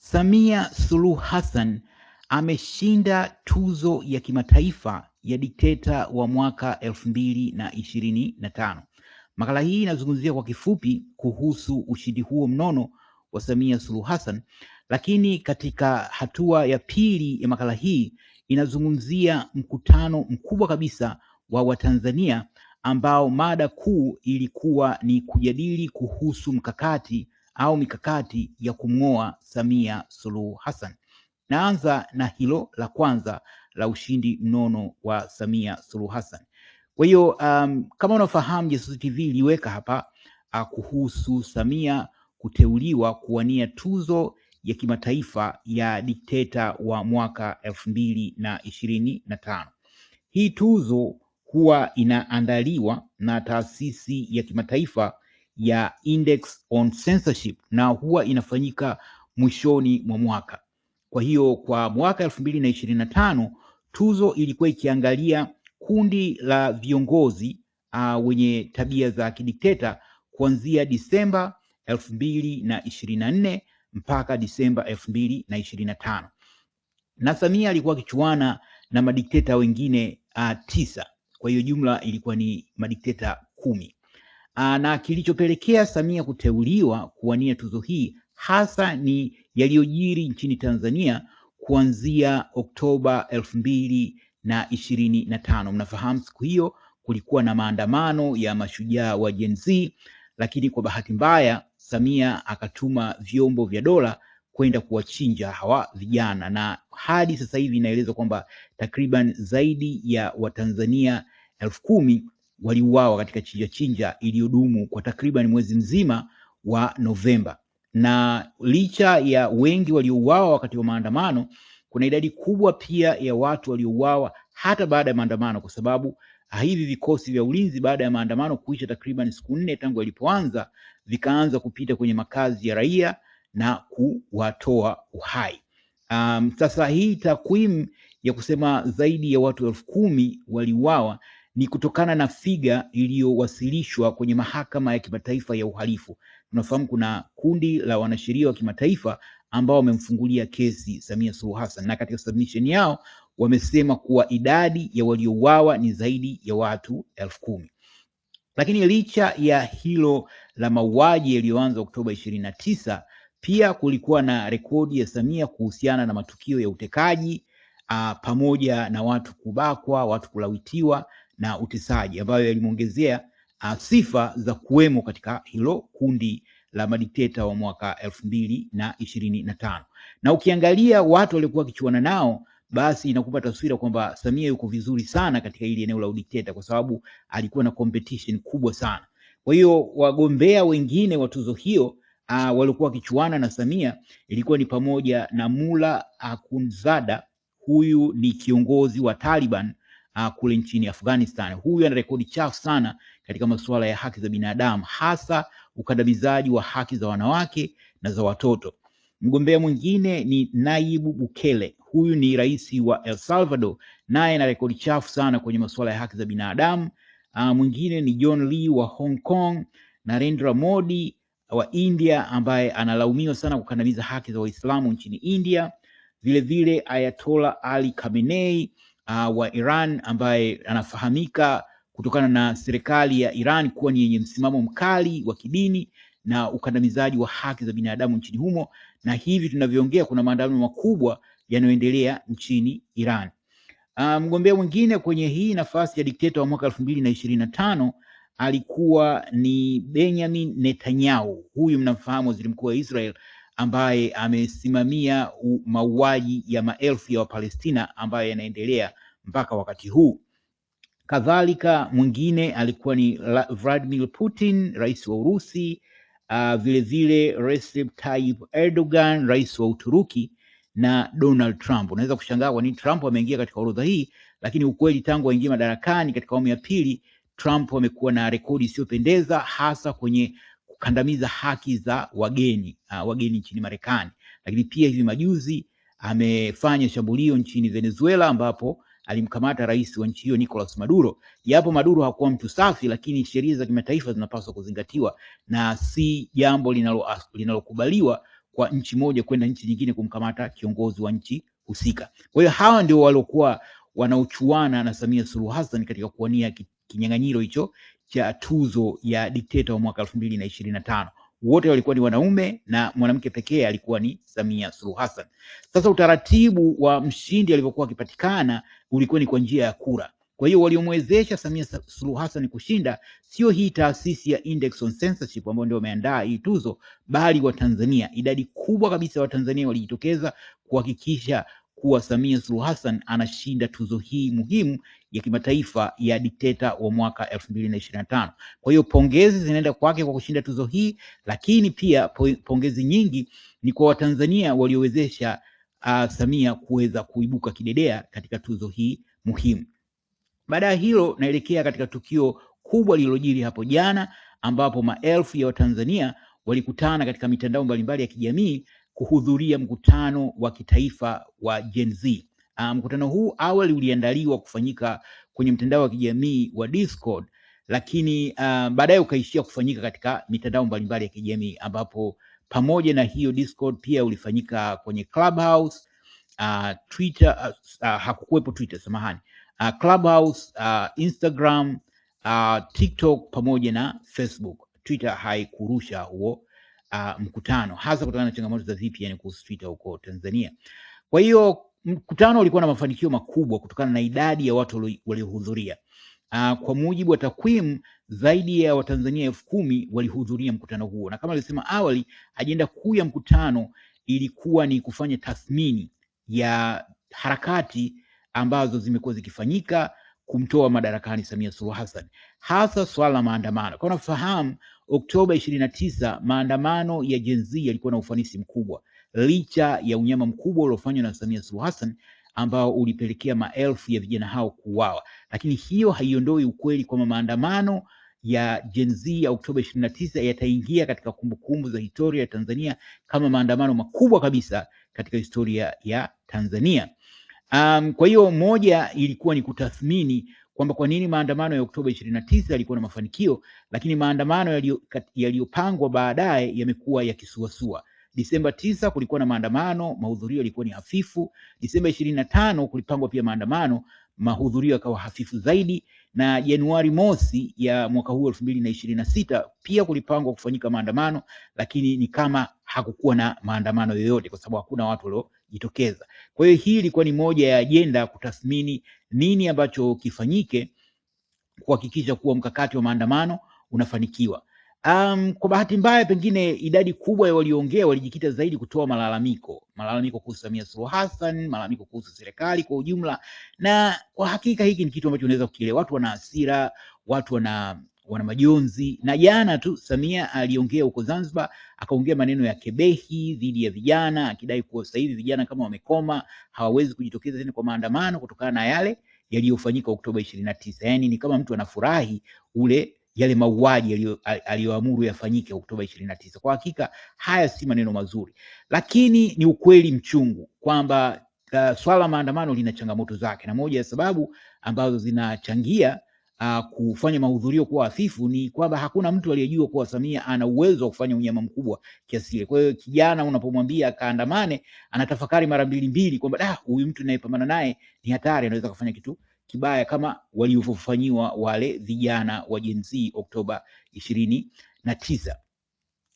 Samia Suluhu Hassan ameshinda tuzo ya kimataifa ya dikteta wa mwaka elfu mbili na ishirini na tano. Makala hii inazungumzia kwa kifupi kuhusu ushindi huo mnono wa Samia Suluhu Hassan, lakini katika hatua ya pili ya makala hii inazungumzia mkutano mkubwa kabisa wa Watanzania ambao mada kuu ilikuwa ni kujadili kuhusu mkakati au mikakati ya kumng'oa Samia Suluhu Hassan. Naanza na hilo la kwanza la ushindi mnono wa Samia Suluhu Hassan. Kwa hiyo um, kama unafahamu Jasusi TV iliweka hapa uh, kuhusu Samia kuteuliwa kuwania tuzo ya kimataifa ya dikteta wa mwaka elfu mbili na ishirini na tano. Hii tuzo huwa inaandaliwa na taasisi ya kimataifa ya Index on Censorship na huwa inafanyika mwishoni mwa mwaka. Kwa hiyo kwa mwaka elfu mbili na ishirini na tano tuzo ilikuwa ikiangalia kundi la viongozi uh, wenye tabia za kidikteta kuanzia Disemba elfu mbili na ishirini na nne mpaka Disemba elfu mbili na ishirini na tano na Samia alikuwa akichuana na madikteta wengine uh, tisa. Kwa hiyo jumla ilikuwa ni madikteta kumi. Ah, na kilichopelekea Samia kuteuliwa kuwania tuzo hii hasa ni yaliyojiri nchini Tanzania kuanzia Oktoba elfu mbili na ishirini na tano. Mnafahamu siku hiyo kulikuwa na maandamano ya mashujaa wa Gen Z, lakini kwa bahati mbaya Samia akatuma vyombo vya dola kwenda kuwachinja hawa vijana, na hadi sasa hivi inaelezwa kwamba takriban zaidi ya Watanzania elfu kumi waliuawa katika chinja chinja iliyodumu kwa takriban mwezi mzima wa Novemba, na licha ya wengi waliouawa wakati wa maandamano, kuna idadi kubwa pia ya watu waliouawa hata baada ya maandamano, kwa sababu hivi vikosi vya ulinzi baada ya maandamano kuisha takriban siku nne tangu yalipoanza, vikaanza kupita kwenye makazi ya raia na kuwatoa uhai. Um, sasa hii takwimu ya kusema zaidi ya watu elfu kumi waliuawa ni kutokana na figa iliyowasilishwa kwenye mahakama ya kimataifa ya uhalifu. Tunafahamu kuna kundi la wanasheria wa kimataifa ambao wamemfungulia kesi Samia Suluhu Hassan, na katika submission yao wamesema kuwa idadi ya waliouawa ni zaidi ya watu elfu kumi. Lakini licha ya hilo la mauaji yaliyoanza Oktoba ishirini na tisa, pia kulikuwa na rekodi ya Samia kuhusiana na matukio ya utekaji a, ah, pamoja na watu kubakwa, watu kulawitiwa na utesaji, ambayo yalimwongezea ah, sifa za kuwemo katika hilo kundi la madikteta wa mwaka elfu mbili na ishirini na tano. Na ukiangalia watu waliokuwa wakichuana nao basi inakupa taswira kwamba Samia yuko vizuri sana katika hili eneo la udikteta, kwa sababu alikuwa na competition kubwa sana. Kwa hiyo wagombea wengine wa tuzo hiyo uh, waliokuwa wakichuana na Samia ilikuwa ni pamoja na Mula Akunzada, huyu ni kiongozi wa Taliban uh, kule nchini Afghanistan. Huyu ana rekodi chafu sana katika masuala ya haki za binadamu, hasa ukandamizaji wa haki za wanawake na za watoto. Mgombea mwingine ni naibu Bukele. Huyu ni rais wa El Salvador, naye ana rekodi chafu sana kwenye masuala ya haki za binadamu. Uh, mwingine ni John Lee wa Hong Kong, Narendra Modi wa India ambaye analaumiwa sana kukandamiza haki za Waislamu nchini India, vilevile Ayatollah Ali Khamenei uh, wa Iran ambaye anafahamika kutokana na serikali ya Iran kuwa ni yenye msimamo mkali wa kidini na ukandamizaji wa haki za binadamu nchini humo, na hivi tunavyoongea kuna maandamano makubwa yanayoendelea nchini Iran. Ah, mgombea mwingine kwenye hii nafasi ya dikteta wa mwaka elfu mbili na ishirini na tano alikuwa ni Benjamin Netanyahu. Huyu mnamfahamu, waziri mkuu wa Israel ambaye amesimamia mauaji ya maelfu ya Wapalestina ambayo yanaendelea mpaka wakati huu. Kadhalika mwingine alikuwa ni Vladimir Putin, rais wa Urusi, vilevile Recep Tayyip Erdogan, rais wa Uturuki na Donald Trump. Unaweza kushangaa kwa nini Trump ameingia katika orodha hii, lakini ukweli tangu aingia madarakani katika awamu ya pili, Trump amekuwa na rekodi isiyopendeza hasa kwenye kukandamiza haki za wageni uh, wageni nchini Marekani. Lakini pia hivi majuzi amefanya shambulio nchini Venezuela ambapo alimkamata rais wa nchi hiyo Nicolas Maduro. Japo Maduro hakuwa mtu safi, lakini sheria za kimataifa zinapaswa kuzingatiwa na si jambo linalokubaliwa linalo kwa nchi moja kwenda nchi nyingine kumkamata kiongozi wa nchi husika. Kwa hiyo hawa ndio waliokuwa wanaochuana na Samia Suluhu Hassan katika kuwania kinyang'anyiro hicho cha tuzo ya dikteta wa mwaka elfu mbili na ishirini na tano wote walikuwa ni wanaume na mwanamke pekee alikuwa ni Samia Suluhu Hassan. Sasa utaratibu wa mshindi alivyokuwa akipatikana ulikuwa ni kwa njia ya kura. Kwa hiyo waliomwezesha Samia Suluhu Hassan kushinda sio hii taasisi ya Index on Censorship ambayo ndio wameandaa hii tuzo, bali Watanzania, idadi kubwa kabisa ya Watanzania walijitokeza kuhakikisha kuwa Samia Suluhu Hassan anashinda tuzo hii muhimu ya kimataifa ya dikteta wa mwaka elfu mbili na na tano. Kwa hiyo pongezi zinaenda kwake kwa kushinda tuzo hii, lakini pia pongezi nyingi ni kwa Watanzania waliowezesha uh, Samia kuweza kuibuka kidedea katika tuzo hii muhimu. Baada ya hilo, naelekea katika tukio kubwa lililojiri hapo jana ambapo maelfu ya Watanzania walikutana katika mitandao mbalimbali ya kijamii kuhudhuria mkutano wa kitaifa wa Gen Z. Ah, mkutano huu awali uliandaliwa kufanyika kwenye mtandao wa kijamii wa Discord, lakini uh, baadaye ukaishia kufanyika katika mitandao mbalimbali ya kijamii ambapo pamoja na hiyo Discord pia ulifanyika kwenye Clubhouse, uh, Twitter, uh, uh, hakukuwepo Twitter, samahani, uh, Clubhouse, uh, Instagram, uh, TikTok pamoja na Facebook. Twitter haikurusha huo uh, mkutano hasa kutokana na changamoto za VPN kuhusu Twitter huko Tanzania. Kwa hiyo mkutano ulikuwa na mafanikio makubwa kutokana na idadi ya watu waliohudhuria. Uh, kwa mujibu wa takwimu zaidi ya Watanzania elfu kumi walihudhuria mkutano huo, na kama alivyosema awali, ajenda kuu ya mkutano ilikuwa ni kufanya tathmini ya harakati ambazo zimekuwa zikifanyika kumtoa madarakani Samia Suluhu Hassan, hasa swala la maandamano. Kwa unafahamu Oktoba 29, maandamano ya Gen Z yalikuwa na ufanisi mkubwa licha ya unyama mkubwa uliofanywa na Samia Suluhu Hassan ambao ulipelekea maelfu ya vijana hao kuuawa, lakini hiyo haiondoi ukweli kwamba maandamano ya Gen Z ya Oktoba 29 yataingia katika kumbukumbu za historia ya Tanzania kama maandamano makubwa kabisa katika historia ya Tanzania. Um, kwa hiyo moja ilikuwa ni kutathmini kwamba kwa nini maandamano ya Oktoba 29 yalikuwa na mafanikio, lakini maandamano yaliyopangwa baadaye yamekuwa yakisuasua. Disemba tisa kulikuwa na maandamano, mahudhurio yalikuwa ni hafifu. Disemba ishirini na tano kulipangwa pia maandamano, mahudhurio yakawa hafifu zaidi, na Januari mosi ya mwaka huu elfu mbili na ishirini na sita pia kulipangwa kufanyika maandamano, lakini ni kama hakukuwa na maandamano yoyote, kwa sababu hakuna watu kujitokeza. Kwa hiyo hii ilikuwa ni moja ya ajenda kutathmini nini ambacho kifanyike kuhakikisha kuwa mkakati wa maandamano unafanikiwa. Um, kwa bahati mbaya pengine idadi kubwa ya walioongea walijikita zaidi kutoa malalamiko, malalamiko kuhusu Samia Suluhu Hassan, malalamiko kuhusu serikali kwa ujumla, na kwa hakika hiki ni kitu ambacho unaweza kukielewa. Watu wana hasira, watu wana wana majonzi. Na jana tu Samia aliongea huko Zanzibar, akaongea maneno ya kebehi dhidi ya vijana, akidai kuwa sasa hivi vijana kama wamekoma, hawawezi kujitokeza tena kwa maandamano kutokana na yale yaliyofanyika Oktoba 29. na tisa. Yaani ni kama mtu anafurahi ule yale mauaji aliyoamuru yafanyike Oktoba 29. Kwa hakika haya si maneno mazuri, lakini ni ukweli mchungu kwamba uh, swala maandamano lina changamoto zake, na moja ya sababu ambazo zinachangia uh, kufanya mahudhurio kuwa hafifu ni kwamba hakuna mtu aliyejua kuwa Samia ana uwezo wa kufanya unyama mkubwa kiasi kile. Kwa hiyo kijana unapomwambia akaandamane, anatafakari mara mbili mbili kwamba ah, huyu mtu ninayepambana naye ni hatari, anaweza kufanya kitu kibaya kama walivyofanyiwa wale vijana wa Gen Z Oktoba ishirini na tisa.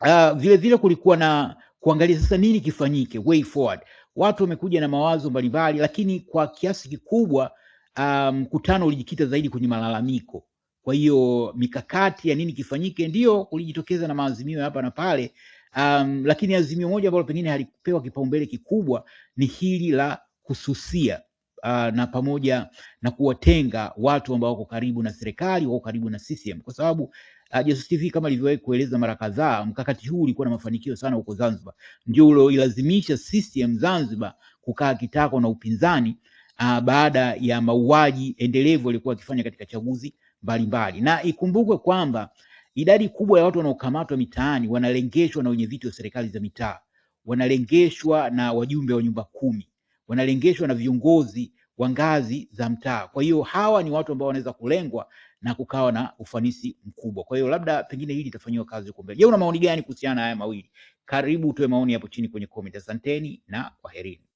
Uh, vile vile kulikuwa na kuangalia sasa nini kifanyike way forward. Watu wamekuja na mawazo mbalimbali, lakini kwa kiasi kikubwa Ah, mkutano um, ulijikita zaidi kwenye malalamiko. Kwa hiyo mikakati ya nini kifanyike ndio kulijitokeza na maazimio hapa na pale um, lakini azimio moja ambalo pengine halikupewa kipaumbele kikubwa ni hili la kususia uh, na pamoja na kuwatenga watu ambao wako karibu na serikali, wako karibu na CCM kwa sababu Uh, Jasusi TV kama ilivyowahi kueleza mara kadhaa, mkakati huu ulikuwa na mafanikio sana huko Zanzibar, ndio ulioilazimisha CCM Zanzibar kukaa kitako na upinzani uh, baada ya mauaji endelevu yalikuwa wakifanya katika chaguzi mbalimbali, na ikumbukwe kwamba idadi kubwa ya watu wanaokamatwa mitaani wanalengeshwa na wenyeviti wa serikali za mitaa, wanalengeshwa na wajumbe wa nyumba kumi, wanalengeshwa na viongozi wa ngazi za mtaa. Kwa hiyo hawa ni watu ambao wanaweza kulengwa na kukawa na ufanisi mkubwa. Kwa hiyo labda pengine hili litafanyiwa kazi huko mbele. Je, una maoni gani kuhusiana na haya mawili? Karibu utoe maoni hapo chini kwenye comment. Asanteni na kwaherini.